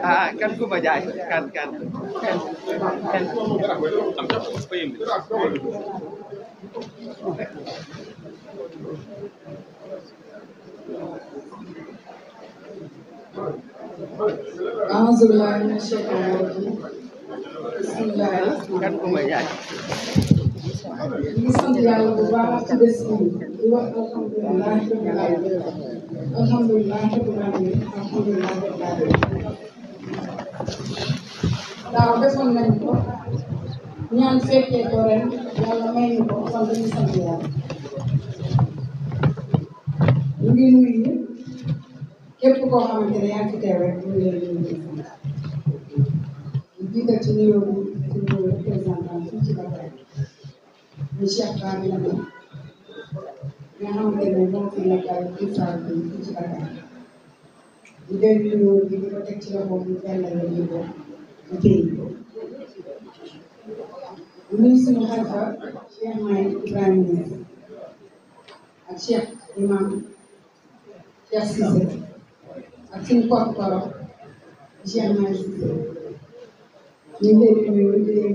Ah, kan ku bayar kan kan. Kan. Kan. Kan ku di sant yàlla bu baax ci bés bi di wax alhamdulilah rabbil alamin alhamdulilah rabbil alamin alhamdulilah rabbil alamin daaw defoon nañ ko ñaan fekkee ko ren yàlla may ñu ko kon dañu sant yàlla ñu ngi nuyu képp koo xamante ne yaa ngi teew rek ñu ngi leen di sant di jiital ci nuyoo bi suñu représentant fii ci Dakar di Cheikh Ba bi la ñu nga xamante fi la daal di faral di fii ci Dakar di leen nuyoo di ko teg ci loxo bi yàlla la ñu ko di téye ko. nuyu suñu xalifa Cheikh Mahi Ibrahima ak Cheikh Imam Cheikh Cissé ak suñu porte-parole Cheikh Mahi Cissé ñu ngi leen di nuyu di leen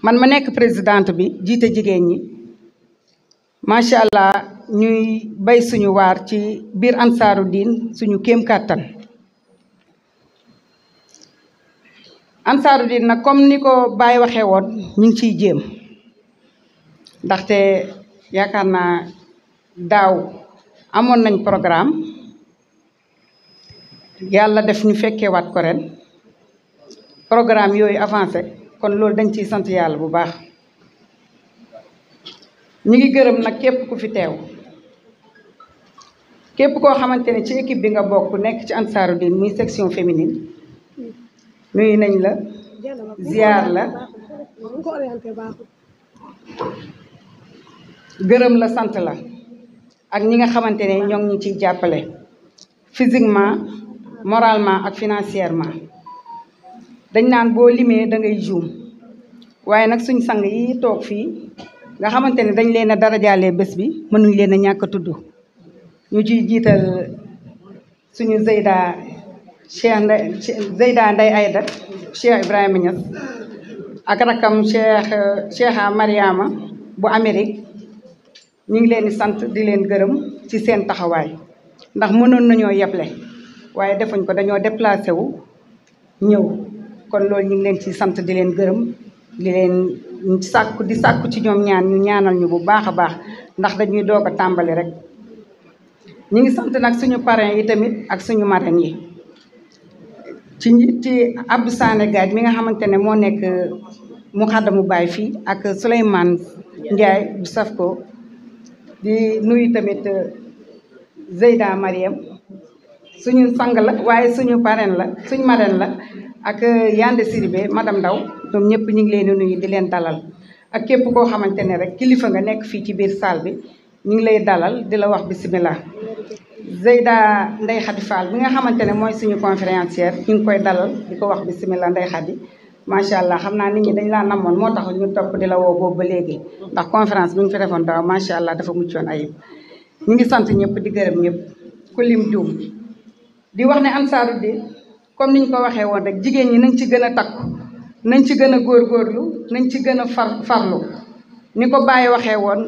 man ma nekk présidente bi jiite jigéen ñi macha allah ñuy bay suñu waar ci biir ansaaru diin suñu kéem kàttan ansaaru diin nag comme ni ko Baye waxee woon ñu ngi ciy jéem ndaxte yaakaar naa daaw amoon nañ programme yàlla def ñu fekkee waat ko ren programme yooyu avancé kon loolu dañ ci sant yàlla bu baax ñu ngi gërëm nag képp ku fi teew képp koo xamante ne ci équipe bi nga bokk nekk ci Ansaarud-Din muy section féminine nuyu nañ la ziar la gërëm la sant la ak ñi nga xamante ne ñoom ñi ciy jàppale physiquement moralement ak financièrement dañ naan boo limee da ngay juum waaye nag suñ sang yi toog fii nga xamante ne dañ leen a dara jaalee bés bi mënuñ leen a ñàkk a tudd ñu ciy jiital suñu Zeyda Cheikh Ndeye Zeyda Ndeye Aïda ak rakam Cheikh Cheikha Mariama bu Amérique ñu ngi leen di sant di leen gërëm ci seen taxawaay ndax mënoon nañoo yeble waaye defuñ ko dañoo déplacé wu ñëw kon loolu ñu ngi leen ci sant di leen gërëm di leen sàkku di sàkku ci ñoom ñaan ñu ñaanal ñu bu baax a baax ndax dañuy doog a tàmbali rek ñu ngi sant nag suñu parrain yi tamit ak suñu marraine yi ci ci Abdou Sané Gaaj mi nga xamante ne moo nekk mu mu baay fii ak Souleymane Ndiaye bu saf ko di nuyu tamit Zeyda Mariam suñu sang la waaye suñu parrain la suñu marraine la ak euh, Yande siribe madame Ndaw ñoom ñëpp ñu ngi leen di nuyu di leen dalal ak képp koo xamante ne rek kilifa nga nekk fii ci biir salle bi ñu ngi lay dalal di la wax bisimilah. Zeyda Ndeye Khady bi nga xamante ne mooy suñu conférencière ñu ngi koy dalal di ko wax bisimilah Ndeye Khady macha allah xam naa nit ñi dañ laa namoon moo tax ñu topp di la woo boobu ba léegi. ndax conférence bi nga fi defoon daaw macha allah dafa muccoon ayib ñu ngi sant ñëpp di gërëm ñëpp ku lim juum. di wax ne Ansaarud-Din comme niñ ko waxee woon rek jigéen ñi nañ ci gën a takku nañ ci gën a góor góorgóorlu nañ ci gën a far farlu ni ko bàyyi waxee woon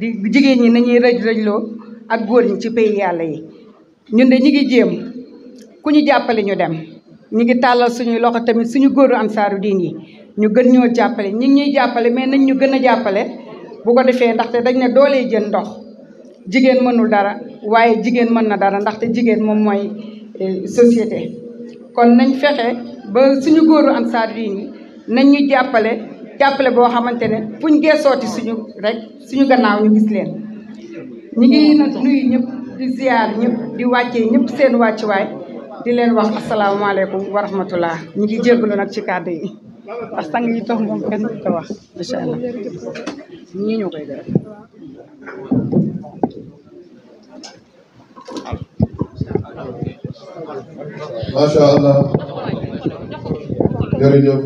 di jigéen ñi nañuy rëj rëjloo ak góor ñi ci pays yàlla yi ñun de ñi ngi jéem ku ñu jàppale ñu dem ñu ngi tàllal suñuy loxo tamit suñu góoru Ansaarud-Din yi ñu gën ñoo jàppale ñi ngi ñuy jàppale mais nañ ñu gën a jàppale bu ko defee ndaxte dañ ne doolee jën ndox jigéen mënul dara waaye jigéen mën na dara ndaxte jigéen moom mooy société kon nañ fexe ba suñu góoru Ansar Dine yi nañ ñu jàppale jàppale boo xamante ne fuñ geesooti suñu rek suñu gannaaw ñu gis leen ñu ngi nag nuyu di ziar ñëpp di wàccee ñëpp seen wàccuwaay di leen wax asalaamaaleykum wa rahmatullah ñu ngi jégalu nag ci kàddu yi ndax sang ñu tox moom kenn ko wax incha ñu ñii ñoo koy def macha allah jërëjëf.